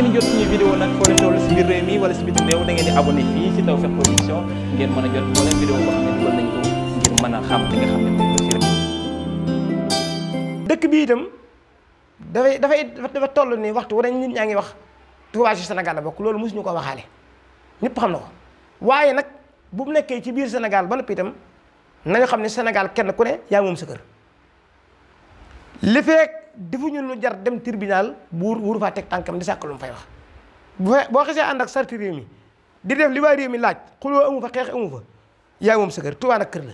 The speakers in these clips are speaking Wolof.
ngeen jot suñu vidéo nag foo leen toll si biir réew mi wala si biti réew da ngeen di abonné fii si Tawfekh Production ngeen mën a jot moo leen vidéo boo xam a xam li nga bi itam dafay dafay dafa toll waxtu wu ñaa ngi wax Touba ci Sénégal la bokk loolu mosuñu ko waxaale ñépp xam na ko waaye nag bu nekkee ci biir senegal ba noppi itam na xam ne senegal kenn ku ne yaa moom sa kër ñu lu jar dem tribunal buur wuru faa teg tànkam di sàkk lu mu fay wax bu boo xesee ànd ak sarti réew mi di def li waa réew mi laaj xuloo amu fa xeex amu fa yaay moom sa kër Tuubaa kër la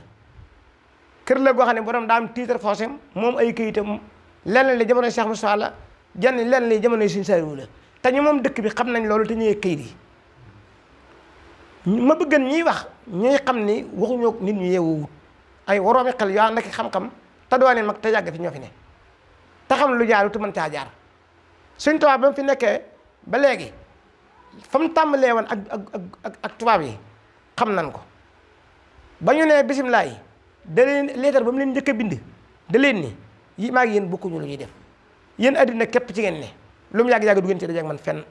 kër la goo xam ne borom daa am titre foncier moom ay kayitam leneen li jamono Cheikh Moussa la jann lenn li jamono Sëñ Saaliwu la te ñu moom dëkk bi xam nañ loolu te ñuy kayit yi ma bëggan ñiy wax ñuy xam ni waxuñook nit ñu yeewu ay woroomi xel yoo ànd ak xam-xam te te yàgg fi ñoo fi ne te xam lu jaaru tu mën caa jaar suñ tubaab ba mu fi nekkee ba léegi fa mu tàmbalee woon ak ak ak tubaab yi xam nan ko ba ñu nee bisimilah yi da leen leetar ba mu leen njëkk a bind da leen ni yi maa ngi yéen bokkuñu lu ñuy def yéen addina képp ci ngeen ne lu mu yàgg-yàgg du ngeen ci daje ak man fenn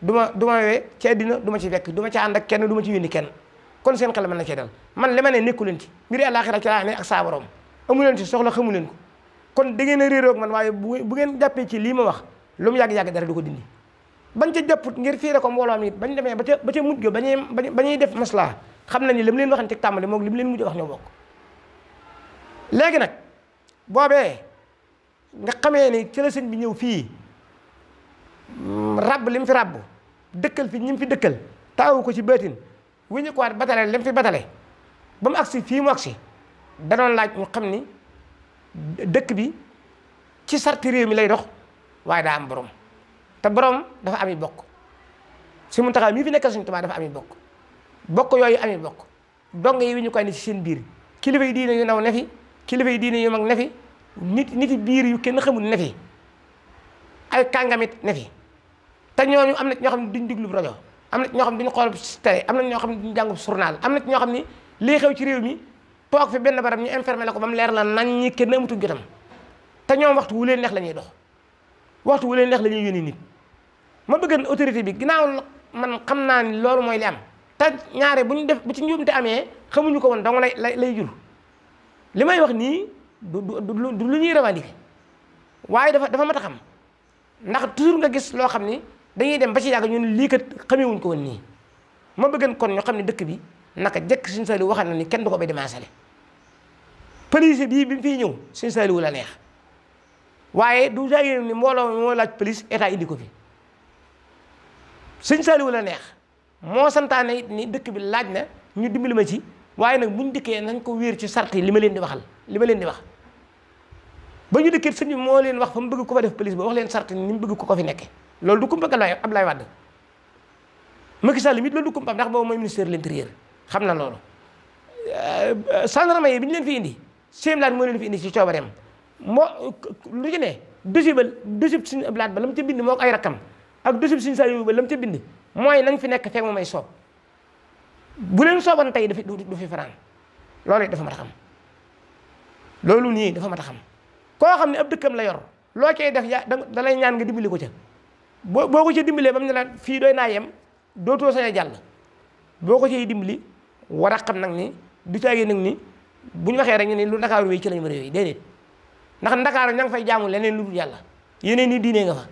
du ma du ma wee ci addina du ma ci fekk du ma ci ànd ak kenn duma ma ci yónni kenn kon seen xel mën na cee dal man li ma ne nekku leen ci mbiri àllaaxira ci laa ne ak saa borom amu ci soxla xamu leen ko kon da ngeen a man waaye bu bu ngeen jàppee ci lii ma wax lu mu yàgg-yàgg dara du ko dindi bañ ca jàpput ngir fiire ko mbooloo mi bañ demee ba ca ba ca mujj ba bañuy bañuy def maslaa xam na ni li leen waxante tàmbali moom li mu leen mujj wax ñoo bokk léegi nag boobee nga xamee ni ci bi ñëw fii rabb li mu fi rabb dëkkal fi ñi mu fi dëkkal taawu ko ci bëtin wu ñu ko waat batale li mu fi batale ba mu agsi fii mu agsi danoon laaj ñu xam ni dëkk bi ci sarti réew mi lay dox waaye daa am borom te borom dafa ami bokk si mu taxaw mii fi nekk suñu Tuubaa dafa ami bokk bokk yooyu am bokk dong yi ñu koy ci seen biir kilifa yi diine yu naw fi kilifa yi diine yu mag ne nit niti biir yu kenn xamul ne fi ay kàngamit ne te ñooñu am na ñoo xam ne duñ diglu rajo am na ñoo xam ne duñ xool télé am na ñoo xam ne duñ jàngu journal am na ñoo xam ne lii xew ci réew mi. toog fi benn barab ñu informé la ko ba mu leer la nañ ñi kenn amatu jotam te ñoom waxtu wu leen neex la ñuy dox waxtu wu leen neex la ñuy yónni nit ma bëgg autorité bi ginnaaw man xam naa ni loolu mooy li am te ñaare bu ñu def bu ci njuumte amee xamuñu ko woon dong lay lay lay jur li may wax nii du du lu ñuy revendiquer waaye dafa dafa mat a xam ndax toujours nga gis loo xam ni dañuy dem ba ci yàgg ñun lii kat xamewuñ ko woon nii ma bëggan kon ñu xam ne dëkk bi naka jëkk suñu sali waxal na ni kenn du ko bay démancelé police bii bi mu fiy ñëw sëñ Saliou la neex waaye du jaay ni mbooloo moo laaj police état indi ko fi sëñ Saliou la neex moo santaane it ni dëkk bi laaj na ñu dimbali ma ci waaye nag bu ñu dikkee nañ ko wéer ci sart yi li ma leen di waxal li ma leen di wax ba ñu dëkkee sëñ bi moo leen wax fa mu bëgg ko fa def police ba wax leen sart ni mu ko ko fi nekkee loolu du kumpa Abdoulaye Abdoulaye Wade Macky Sall mi loolu du kumpa ndax boobu mooy ministère de l'intérieur xam na loolu euh, euh, gendarme yi bi ñu leen fi indi sëñ Ablaat moo leen fi indi ci coobareem moo lu ci ne dossier ba dossier suñu ba la mu ca bind moo ko ay rakkam ak du si suñu Saliou ba la ca bind mooy nañ fi nekk fekk mu may soob bu leen sooban tey du fi du fi fanaan loolu it dafa ma a xam loolu nii dafa mat a xam koo xam ne ab dëkkam la yor loo cay def ya da ñaan nga dimbali ko ca boo boo ko ca dimbalee ba mu ne fii doy naa yem dootoo sañ a jàll boo ko cay dimbali war a xam nag ni du caagee nag ni. bu ñu waxee rek ñu ne lu ndakaaru wéy ci lañ ma a yooyu déedéet ndax ndakaaru ña fay jaamu leneen lu dul yàlla yeneen ni diine nga fa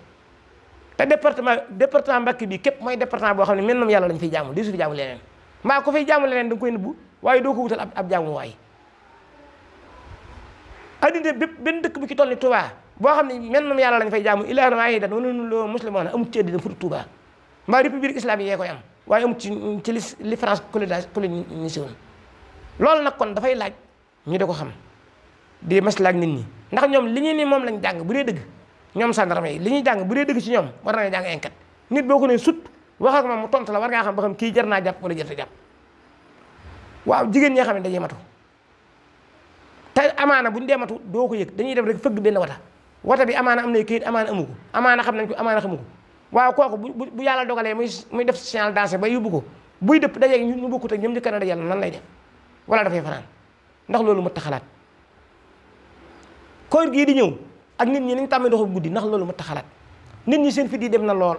te département département Mbacké bi képp mooy département boo xam ne mennum yàlla lañ fay jaamu di su fi ko fay jaamu leneen da nga koy nëbbu waaye doo ko wutal ab ab jaamu waay addina bépp benn dëkk bu ci toll ni Touba boo xam ne mennum yàlla lañ fay jaamu ilaahana waahidan wa laa nulloo muslimoona amut ci addina fu Touba mbaa république islamique yee koy am waaye amut ci ci li France colonisation loolu nag kon dafay laaj ñu di ko xam di maslaak nit ñi ndax ñoom li ñu ni moom lañ jàng bu dee dëgg ñoom sandarma yi li ñuy jàng bu dee dëgg ci ñoom war nañu jàng enquête nit boo ko ne sut wax ak moom mu tontu la war ngaa xam ba xam kii jar naa jàpp wala jërte jàpp waaw jigéen ñi xam ne dañuy matu te amaana buñ dee matu doo ko yëg dañuy def rek fëgg benn wata wata bi amaana am na këyit amaana amu ko amaana xam nañ ko amaana xamu ko waaw kooku bu bu yàlla dogalee muy muy def signal dansé ba yóbbu ko buy dëpp dajeeg ñu bokkut ak ñoom njëkk na dajal nan lay def wala dafay fanaan ndax loolu mat a xalaat koor gii di ñëw ak nit ñi nañ tàmmee doxu guddi ndax loolu mat a xalaat nit ñi seen fit yi dem na lool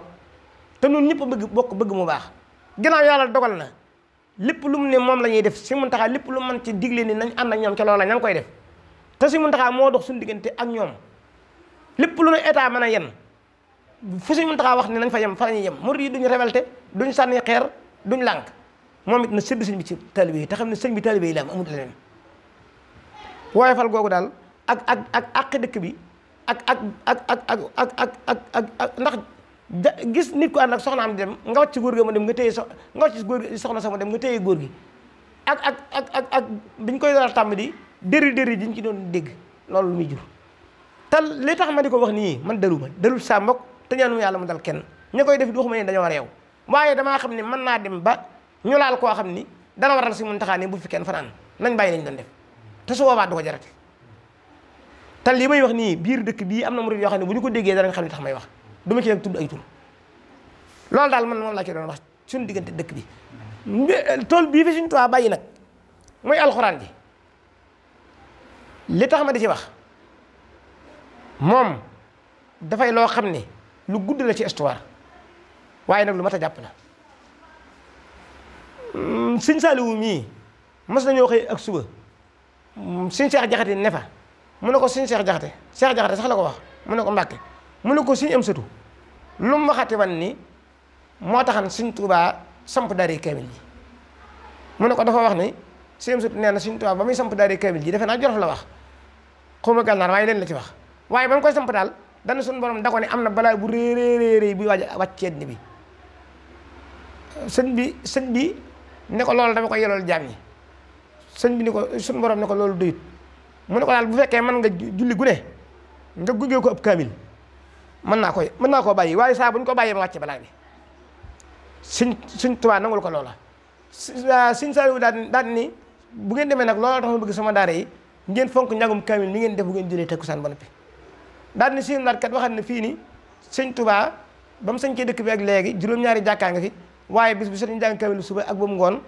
te ñun ñëpp bëgg bokk bëgg mu baax ginnaaw yàlla dogal na lépp lu mu ne moom la ñuy def si mun taxaa lépp lu mën ci digle ni nañ ànd ak ñoom ca loola ña koy def te si mun taxaa moo dox suñu diggante ak ñoom lépp lu ne état mën a yem fu si mu taxaa wax ne nañ fa yem fa la ñuy yem murid yi duñ révolté duñ sànni xeer duñ lànk moom it na séddu sëñ bi ci taalibe yi te xam ne sëñ bi taalibe yi la am amul leneen waaye fal googu daal ak ak ak àq dëkk bi ak ak ak ak ak ak ak ak ndax gis nit ko ànd ak soxna am dem nga wàcc góor gi ma dem nga téye so nga wàcc góor gi dem nga téye góor gi ak ak ak ak ak koy door a tàmm di déri déri diñ ci doon dégg loolu lu muy jur te li tax ma di ko wax nii man dalu ma dalul sa mbokk te ñaanu yàlla mu dal kenn ñu koy def di waxuma ne dañoo reew waaye damaa xam ne mën naa dem ba ñu laal koo xam ni dana waral si mun taxaane bu fi kenn fanaan nañ bàyyi lañ doon def te su boobaa du ko jarate te may wax nii biir dëkk bii am na murid yoo xam ne bu ñu ko déggee danañ xam ne tax may wax du ma ci nag tudd ay tur loolu daal ma moom laa ci doon wax suñu diggante dëkk bi euh, tool bii fi suñu tuwaa bàyyi nag mooy alxuraan ji li tax ma di ci wax moom dafay loo xam ne lu gudd la ci histoire waaye nag lu mat a jàpp na sëñ Saaliwu mii mas nañoo xëy ak suba mm, sëñ Seex Jaxate ne fa mu ne ko sëñ Seex Jaxate Seex sax la ko wax mu ne ko Mbàkke mu ne ko sëñ am sëtu lu mu waxati wan ni moo taxan sëñ Tuubaa samp dari kaamil ji mu ne ko dafa wax ni sëñ am sëtu nee na Tuubaa ba muy samp dari kaamil ji defe naa Jolof la wax xawma gànnaar waaye leen la ci wax waaye ba mu koy samp daal dana suñu borom da ko am na balaa bu réeréeréeréy buy waaj a wàcc ceeb bi ne ko loolu dama ko yelool jaam yi sëñ bi ni ko suñu borom ne ko loolu doyut mu ne ko daal bu fekkee mën nga julli gune nga gunge ko ab kaamil mën naa koy mën naa ko bàyyi waaye saa bu ñu ko bàyyee ma wàcce balaa bi suñ suñ tubaa nangul ko loola suñ ah, saaliwu daan daan ni bu ngeen demee nag loola tax ma bëgg sama daara yi ngeen fonk njàngum kaamil mi ngeen def bu ngeen jëlee takkusaan ba noppi daan ni suñu laat kat waxat ne fii ni sëñ tubaa ba mu sañ cee dëkk bi ak léegi juróom-ñaari jàkkaa nga fi waaye bis bu set ñu jàng kaamil suba ak bu ngoon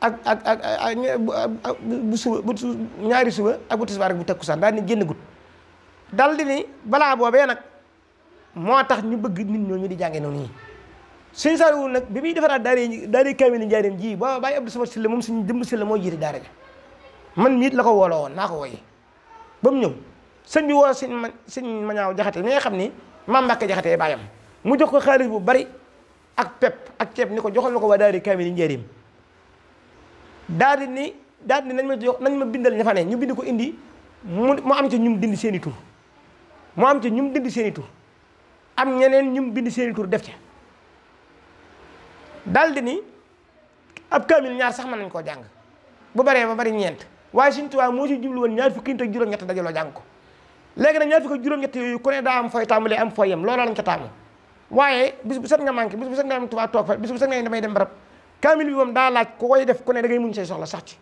ak ak ak suba bu ñaari suba ak bu tisbaar ak bu takkusaan daal di génn dal di ni balaa boobee nag moo tax ñu bëgg nit ñooñu di jàngee noonu yi suñ sariwul nag bi muy defaraat daara daara kaamil yi njaareem ji booba bàyyi Abdou Samad Sylla moom suñu dëmb Sylla moo jiite daara ja man miit la ko wooloo woon naa ko wooyee ba mu ñëw sëñ bi woo sëñ ma jaxate mi nga xam ni maam Mbàkke jaxatee bàyyam mu jox ko xaalis bu bari ak pep ak ceeb ni ko joxal la ko waa daari kaamil yi njëriñ daal di ni daal di nañ ma jox nañ ma bindal ña fa ne ñu bind ko indi mu mu am ci ñum dindi seen i tur mu am ci ñum dindi seen tur am ñeneen ñum bind seen i tur def ca daal di ni ab kaamil ñaar sax mën nañ koo jàng bu baree ba bari ñeent waaye suñu tubaab moo ci jublu ñaar fukki nit ak juróom-ñett dajaloo jàng ko léegi nag ñaar fukki juróom-ñett yooyu ku ne daa am fooy tàmbalee am fooy yem looloo lañ ca tàmm waaye bis bu set nga manqué bis bu set nga am Tuubaa toog fa bis bu set nga damay dem barab kaamil bi moom daa laaj ku koy def ku ne da ngay muñ say soxla sax ci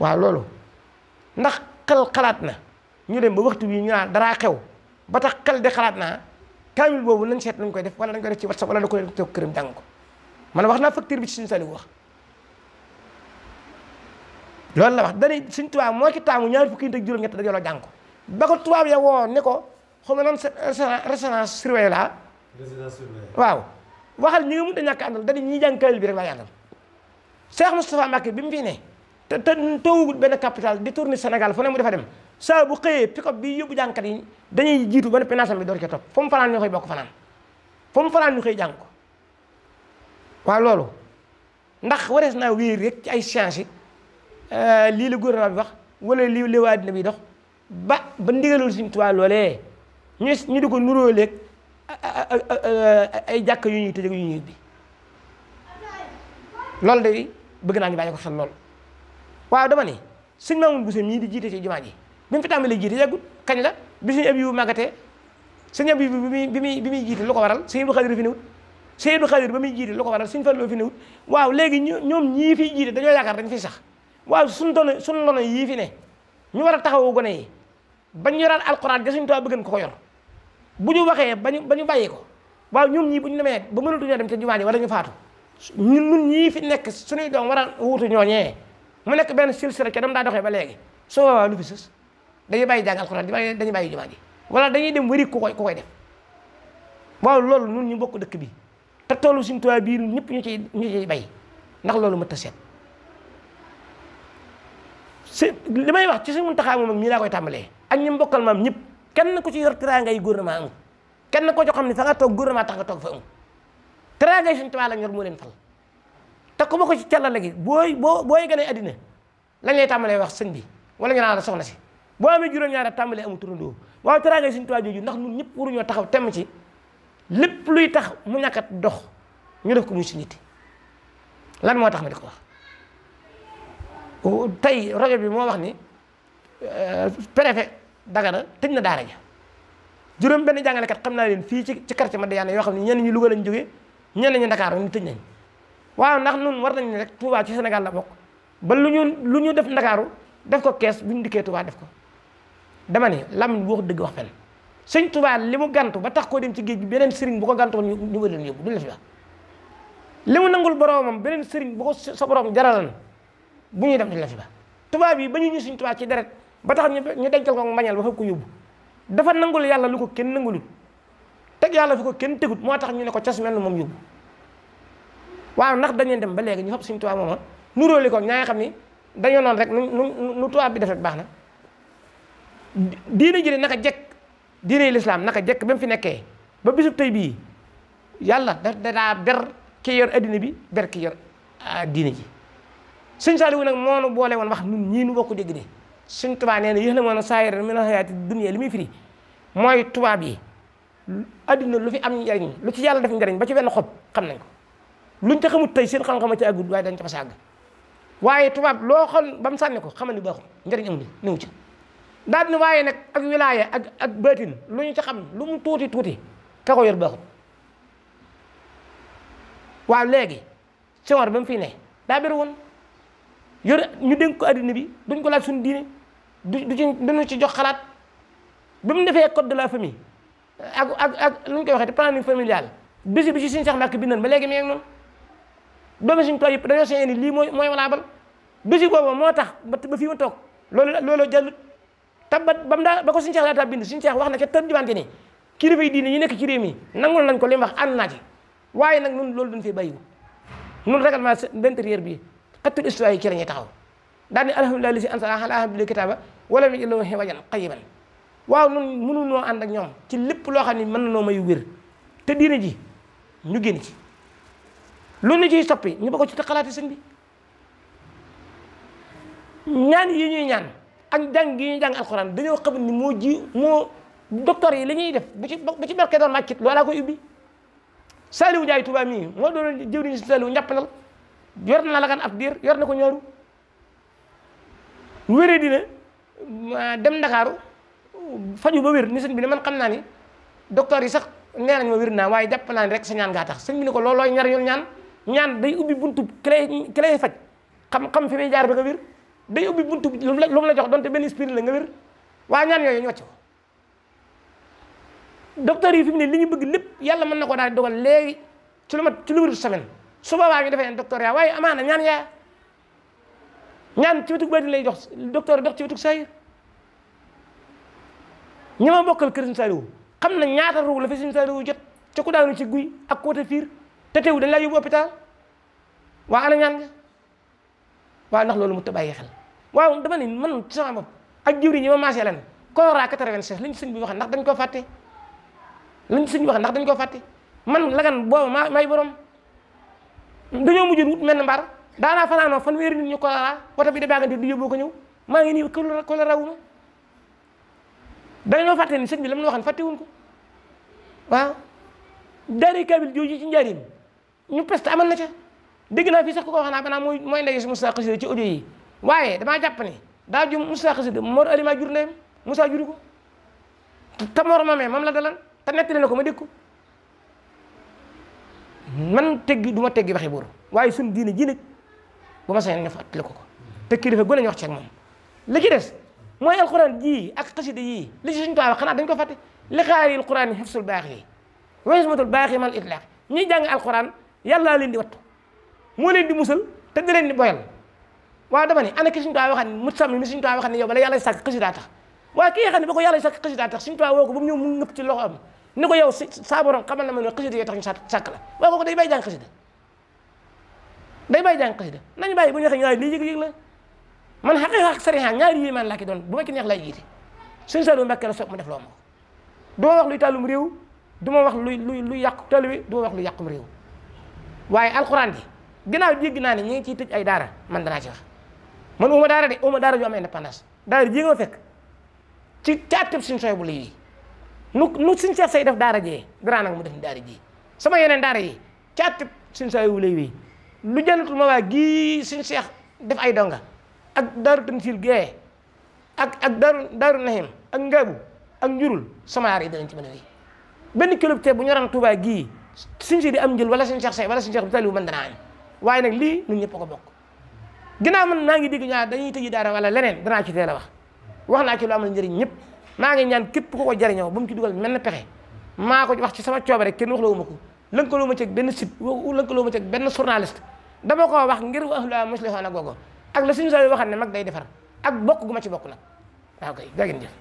waaw loolu ndax xel xalaat na ñu dem ba waxtu bii ñu naan daraa xew ba tax xel de xalaat naa kaamil boobu nañ seet nañ koy def wala dañ koy def ci whatsapp wala da koy def toog këram jàng ko man wax naa facture bi ci suñu saliwu wax loolu la wax dani suñ tubaab moo ci taamu ñaar fukki nit ak juróom-ñett da joloo jàng ko ba ko tubaab ya woo ne ko xaw ma lan résidence surveillée la ah. résidence surveillée waaw waxal ñi nga mënut a ñàkk àndal da di ñi jàng kaamil bi rek laay àndal Cheikh Moustapha Mbacké bi mu fi ne te te tawugut benn capital di tourner Sénégal fu ne mu dafa dem saa bu xëyee pick-up bi yóbbu jàngkat yi dañuy jiitu ba ne pénasam bi door ca topp fa mu fanaan ñu koy bokk fanaan fa mu fanaan ñu koy jàng ko waaw loolu ndax warees naa wéer rek ci ay science yi euh, lii la gouvernement bi wax wala lii la waa dina bi dox ba ba ndigalul Sëriñ ñu ñu di ko nuróo léeg ay jàkk yu ñuy tëjëg yu ñuy bi loolu de bëgg naa ñu bàyyi ko xel lool waaw dama ni sëñ Mamoune Bousso mii di jiite ci jumaa ji bi mu fi tàmbalee jiite yàggul kañ la bi suñu ab yu màggatee sëñ ab yu bi muy bi muy bi muy jiite lu ko waral sëñ Abdou Khadir fi newut sëñ ba muy jiite lu ko waral sëñ Fallou fi newut waaw léegi ñoom ñii fiy jiite dañoo yaakaar dañ fiy sax waaw suñ doon suñ doon yii fi ne ñu war a taxawu gone yi bañ yoraan alxuraan ja suñ tubaab bëggan ko ko yor bu ñu waxee ba ñu ba bàyyi ko waaw ñoom ñii bu ñu demee ba mënatuñoo dem ca jumaa ji wala ñu faatu ñun ñun ñii fi nekk suñuy doom war a wuutu ñooñee mu nekk benn silsila ca dem daa doxee ba léegi soo waawaa lu fi sës dañuy bàyyi jàng bàyyi jumaa ji wala dañuy dem wëri ku koy ku koy def waaw loolu ñun ñu bokk dëkk bi te toolu suñu tuwaay biir ñëpp ñu ciy ñu ciy bay ndax loolu mët a seet si li may wax ci suñu taxaw moom mii daa koy tàmbalee ak ñi mbokkal maam ñëpp kenn ku ci yor teraanga yi gouvernement am kenn ko ci xam ne fa nga toog gouvernement tax nga toog fa am teraanga yi Sëñ Tuubaa la ñor moo leen ma ko ci càllale gi booy boo booy gën a addina lañ tàmbalee wax sëñ bi wala ñu naan si boo amee juróom-ñaar tàmbalee amul turandoo waaw teraanga yi Sëñ Tuubaa jooju ndax ñun ñëpp waruñoo taxaw ci lépp luy tax mu ñàkkat dox ñu def ko muy lan moo tax ma di ko wax tey rajo bi moo wax ni euh, préfet Dagana tëj na daara ja juróom benn jàngalekat xam naa leen fii ci ci quartier Madiyana yoo xam ne ñenn ñi Louga lañ jógee ñenn ñi Dakar ñu tëj nañ waaw ndax nun war nañ rek Touba ci Sénégal la bokk ba lu ñu lu ñu def Ndakaaru def ko kees bu ñu def ko dama ne Lamine bu wax dëgg wax sëñ Touba li mu gantu ba tax koo dem ci géej beneen sëriñ bu ko gantoon ñu ñu wëroon yóbbu duñ li mu nangul boromam beneen sëriñ bu sa borom jaralan bu ñuy dem duñ la fi ba ba ñu ñu suñ Touba ci deret ba tax ñu dencal ko mbañal ba fa ko yóbbu dafa nangul yàlla lu ko kenn nangulut teg yàlla fu ko kenn tegut moo tax ñu ne ko cas mel na moom yóbbu waaw ndax dañuy dem ba léegi ñu fab suñu tubaab mooma nuróoli ko ñaa xam ni dañoo noonu rek nu nu tubaab bi def baax na diine ji naka jekk diine lislaam naka jekk ba mu fi nekkee ba bisub tey bii yàlla da daa ber ki yor addina bi ber ki yor ah, diine ji sëñ Saaliwu nag moo nu boole woon wax nun ñii nu bokk dégg suñ tubaab nee na yéex na moon a saayir mi na xayaati dunya li muy firi mooy tubaab yi adduna lu fi am njariñ lu ci yàlla def njariñ ba ci benn xob xam nañ ko luñ ca xamut tey seen xam-xama ci àggul waaye dañ ca fa tubaab loo xool ba mu ko xamal ni baaxul njariñ amul niw ci daal ni waaye nag ak wilaaya ak ak baatin lu ñu ca xam lu mu tuuti tuuti ka ko yor baaxul waaw léegi Senghor ba mu fii ne daa bëri woon yor ñu dénk ko addina bi duñ ko laaj suñu diine du du ci duñu ci jox xalaat bi mu defee code de la famille ak ak ak lu ñu koy waxee planning familial bési bi ci suñu sax mbàkk bindoon ba léegi mi ngi noonu doomi suñu tool yëpp dañoo seeni lii mooy mooy walaabal bési boobu moo tax ba fii ma toog loolu loolu jàllut te ba ba mu daa ba ko suñu seex laataa bind suñu seex wax na ca tërjumaan ke ni kilifa yi diine yi nekk ci réew mi nangul nañ ko li wax ànd naa ci waaye nag nun loolu duñ fi bàyyiwu nun règlement d'intérieur bi xattul histoire yi ci la ñuy taxaw daal ni alhamdulilah li si ansala ala abdul wala nu illa wajan qayiman waaw nun mënunoo ànd ak ñoom ci lépp loo xam ne mën na noo may wér te diine ji ñu génn ci lu ñu ciy soppi ñu ba ko ci xalaati sëñ bi ñaan yi ñuy ñaan ak jàng yi ñuy jàng alxuraan dañoo xam ni moo ji moo docteur yi li ñuy def bu ci bu ci barke doon màccit loolaa koy ubbi Saliou Ndiaye Touba mii moo doon jëwriñ Saliou njàppandal yor na la kan ab diir yor na ko ñaaru wéree dina Euh, dem ndakaaru faju ba wér ni sëñ bi ne man xam naa ni docteur yi sax nee nañ ma wér naa waaye jàpp naa ni rek sa ñaan gaa tax sëñ ne ko loolooy ñaar yoon ñaan ñaan day ubbi buntu clé clé faj xam-xam fi may jaar ba nga wér day ubbi buntu lu mu la jox donte benn spirit la nga wér waaye ñaan yooyu ñu wàcc ko docteur yi fi ne li ñu bëgg lépp yàlla mën na ko daa dogal léegi ci lu mat ci lu wér semaine su boobaa ñu defee docteur yaa waaye amaana ñaan yaa ñaan ci wetu bëri lay dox docteur dox ci wetu sayir ñi ma bokkal kër Serigne Saliou xam na ñaata ruug la fi Serigne Saliou jot ca ku daanu ci guy ak côté fiir te teewu dañ lay waa ana ñaan nga waaw ndax loolu mu ta bàyyi xel waaw dama ne man ci ak jiwri ñi ma maasee ko koora 96 lañ sëñ bi waxee ndax dañ koo fàtte lañ sëñ bi ndax dañ koo fàtte man lagan booba maa may borom dañoo mujjoon wut mel na daanaa fanaanoo fan wéeri nit ñu ko laa oto bi da baagante du yóbboo ko ñëw maa ngi nii ko la rawuma dañoo fàtte ni sëñ bi la mu waxoon fàttewuñ ko waaw daari jooju ci njariñ ñu peste amal na ca dégg naa fii sax ku ko wax naa banaa mooy mooy ndey si Moussa Xasida ci audio yi waaye damaa jàpp ne daa jum Moussa Xasida Mor Alima jur ndeyam Moussa jur ko te Mor moomee moom la dalal te nettali na ko ma dégg ko man teggi du ma teggi waxe buur waaye suñ diine ji bu ma sañoon ñu fàttali ko ko te kilifa gën a ñu wax ceeg moom li ci des mooy alquran jii ak xasida yii li ci suñu tubaab wax xanaa dañ ko fàtte li xaaril quran yi xifsul baax yi wa ismatul baax yi man itlaq ñuy jàng alquran yàllaa leen di wattu moo leen di musal te di leen di boyal waaw dama ne ana ki suñu tubaab waxaat ne mutsam mi suñu tubaab waxaat ne yow bala yàlla sàkk xasida ki nga xam ne ba ko yàlla sàkk xasida tax suñu ba mu ñëw mu day bàyyi jàng xasida nañ bàyyi bu ñu waxee ñu naan lii yëg-yëg la man xaqiqa ak sariha ñaari yii man laa ki doon bu ma ci neex lay jiite suñ salo mbàkke la soog mu def loo ma du ma wax luy tàllum réew du ma wax luy luy luy yàqu tàll wi du ma wax luy yàqum réew waaye alxuraan ji ginnaaw dégg naa ne ñu ngi ciy tëj ay daara man danaa ci wax man uma daara de uma daara ju am indépendance daara ji nga fekk ci ci atteb suñ sooy bu la yi nu nu suñ seex say def daara jee dara nag mu def ni daara ji sama yeneen daara yi ci atteb suñ sooy bu la yi lu jannatul ma waa gii suñ seex def ay donga ak daaru tansil gee ak ak daaru daaru nahim ak ngaabu ak njurul samaar yi danañ ci mën a wéy benn club te bu ñoroon Touba gii suñ si di am njël wala suñ seex say wala suñ seex bu talibu mën danaa am waaye nag lii ñun ñëpp ko bokk ginnaaw man naa gi dégg ñaa dañuy tëji daara wala leneen danaa ci teel a wax wax naa ci lu amal njëriñ ñëpp maa ngi ñaan képp ku ko jariñoo ba mu ci dugal menn pexe maa ko wax ci sama coobare kenn wax la ko lënkaloo ma ci benn site lënkaloo ma ci benn journaliste dama koo wax ngir wa ahluhaa muslihuuna googu ak la suñu sooy waxal ne mag day defar ak bokk gu ma ci bokk nag waaw kay jaa ngeen jëf.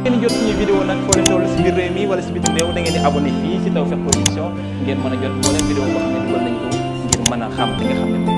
ngeen jot suñu vidéo nag foo leen toll si biir réew mi wala si bitim réew da ngeen di abonné fii si Tawfekh Production ngeen mën a jot moo leen vidéo boo xam a xam li nga xam